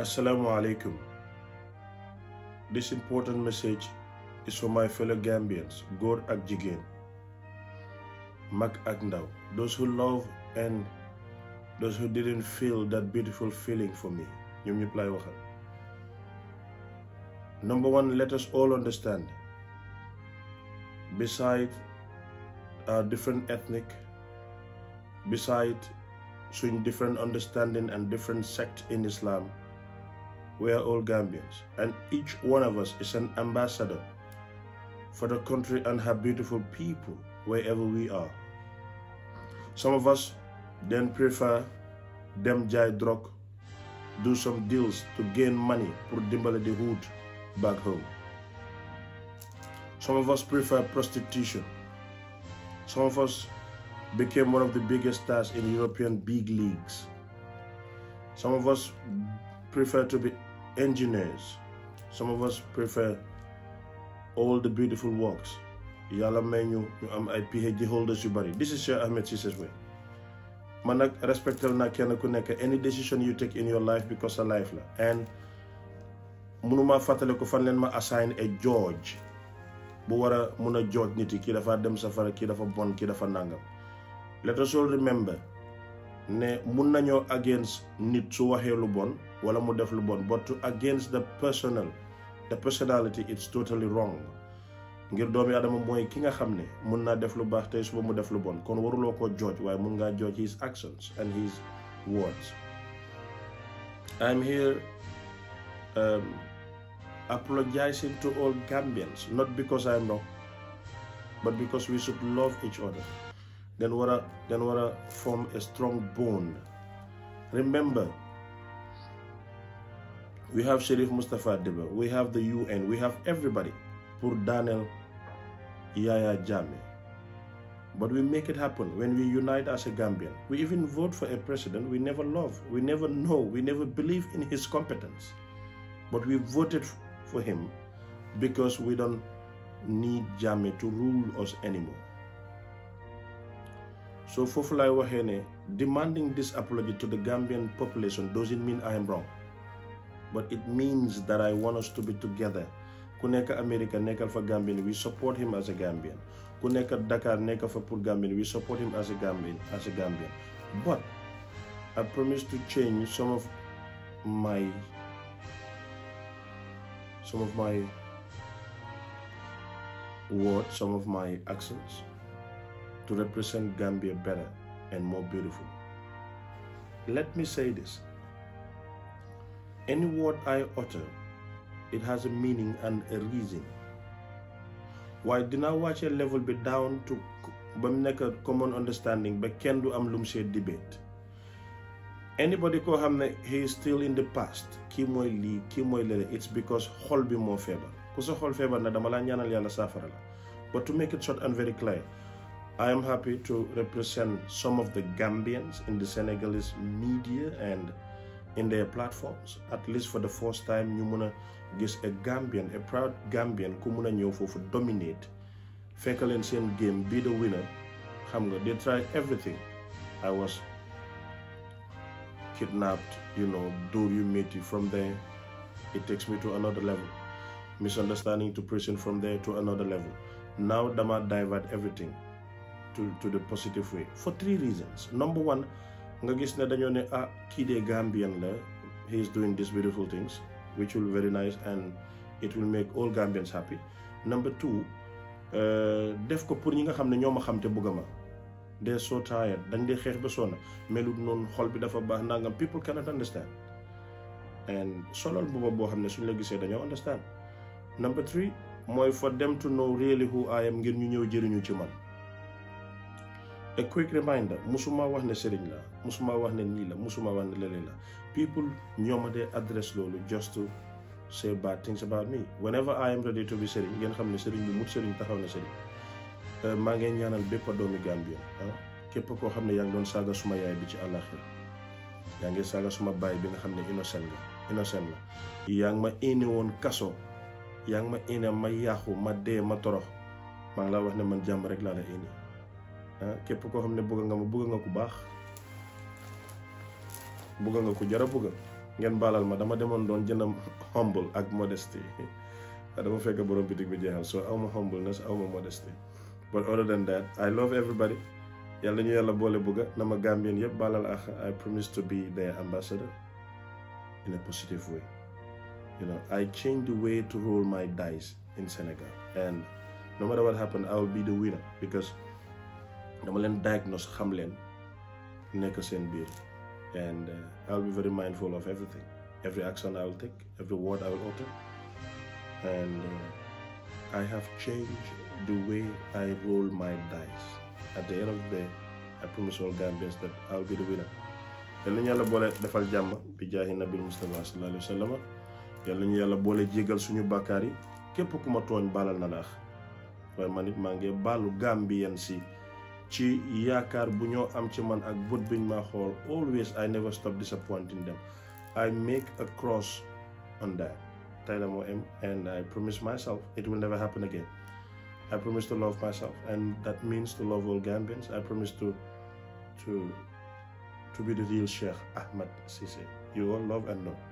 Assalamu alaikum. This important message is for my fellow Gambians, Gor ak jigéen Mak ak Ndaw, those who love and those who didn't feel that beautiful feeling for me. ñoom ñëpp laay waxal. Number one, let us all understand. Beside our different ethnic, beside such different understanding and different sect in Islam, we are all Gambians, and each one of us is an ambassador for the country and her beautiful people wherever we are. Some of us then prefer dem jaay drug, do some deals to gain money pour dimbale hood back home. Some of us prefer prostitution. Some of us became one of the biggest stars in European big leagues. Some of us prefer to be engineers. Some of us prefer all the beautiful works. yàlla may ñu ñu am ay PhD holders yu bari this is Cheikh Ahmed Cissé's way man nag respectal naa kenn ku nekk any decision yu take in your life because sa life la and mënuma fàttale ko fan leen ma assign a George bu war a mun a George nit yi kii dafa dem safara kii dafa bon kii dafa nàngam let us all remember ne mun nañoo against nit su waxee lu bon wala mu def lu bon but to against the personal the personality it's totally wrong ngir doomi adama mooy ki nga xam ne mun naa def lu baax su ba mu def lu bon kon waruloo ko jooj waaye mun ngaa jooj his actions and his words I'm here um, apologizing to all Gambians not because I'm wrong but because we should love each other dañ war a dañ war a form a strong bond remember we have Sheriff Moustapha Deba we have the UN we have everybody pour daaneel Yaya Jammeh but we make it happen when we unite as a Gambian. We even vote for a president we never love, we never know, we never believe in his competence. But we voted for him because we don't need Jame to rule us anymore. So Fofulai Wahene, demanding this apology to the Gambian population doesn't mean I am wrong. But it means that I want us to be together. Kuneka America, Neka fa Gambian, we support him as a Gambian. nekk Dakar, Neka for Pur Gambian, we support him as a Gambian, as a Gambian. But I promise to change some of my some some of my accents to represent Gambia better and Let me say this. Any word I utter, it has a meaning and a reason. waaye dinaa wàcce level bi down to ba mu nekk common understanding ba kenn du am lu mu see debate anybody koo xam ne he is still in the past kii mooy lii kii mooy lële it's because xol bi moo feebar ku sa xol feebar na dama laa ñaanal yàlla saafara la but to make it short and very clear I am happy to represent some of the Gambians in the Senegalese media and in their platforms at least for the first time ñu mën a gis a Gambian a proud Gambian ku mën a ñëw foofu dominate fekk leen seen game be the winner xam nga they try everything I was kidnapped you know dóor yu métti from there it takes me to another level misunderstanding to prison from there to another level now dama divert everything to, to the positive way for three reasons number one nga gis ne dañoo ne ah kii de Gambian la he is doing these beautiful things which will be very nice and it will make all Gambians happy number two euh, def ko pour ñi nga xam ne ñoo ma xam te bëgg ma de so tired dañ dee xeex ba sonna melut noonu xol bi dafa baax nangam people cannot understand and solal booba boo xam ne suñ la gisee dañoo understand number three mooy for dem to know really who I ngir ñu ñëw jëriñu ci man a quick reminder musuma wax ne sëriñ la musuma wax ne nii la musuma wax ne leneen la people ñooma dee adresse loolu just to say baat things about me whenever I am ready to be sëriñ ngeen xam ne sëriñ bi mut sëriñ taxaw na sëriñ euh, maa ngeen ñaanal bépp doomi Gambia ah, képp koo xam ne yaa ngi doon saaga suma yaay bi ci àllaaxira yaa ngi saaga suma baay bi nga xam ne innocent la innocent la yaa ngi ma éene woon kaso yaa ngi ma éene ma yàqu ma dee ma torox maa laa wax ne man jàmm rek laa la éene Eh, képp koo xam ne bëgg nga ma bëgg nga ku baax bëgg nga ku jara bëgg ngeen baalal ma dama demoon doon jënd humble ak modesty dama fekk borom bitig bi jeexal so awma humbleness awma modesty but other than that I love everybody yàlla ñu yàlla boole bëgga nama ma Gambien yëpp baalal ak I promise to be their ambassador in a positive way you know I change the way to roll my dice in Senegal and no matter what happened I be the winner dama leen diagnose xam leen nekk seen biir and uh, I'll be very mindful of everything every action I will take every word uh, I will utter at the end of the I promise all Gambians that I'll be the winner yal nañu yàlla boole defal jàmm bi jaahi nabil Mustafa sallallahu alayhi wa sallam yal yàlla boole jéegal suñu bàkkaar yi képp ku ma tooñ baalal na laax waaye man it maa ngi baalu Gambien si ci yaakaar bu ñoo am ci man ak bët biñ ma xool always I never stop disappointing them I make a cross on that tey la and I promise myself it will never happen again I promise to love myself and that means to love all Gambians I promise to be the real Cheikh Ahmed Cissé you all love and know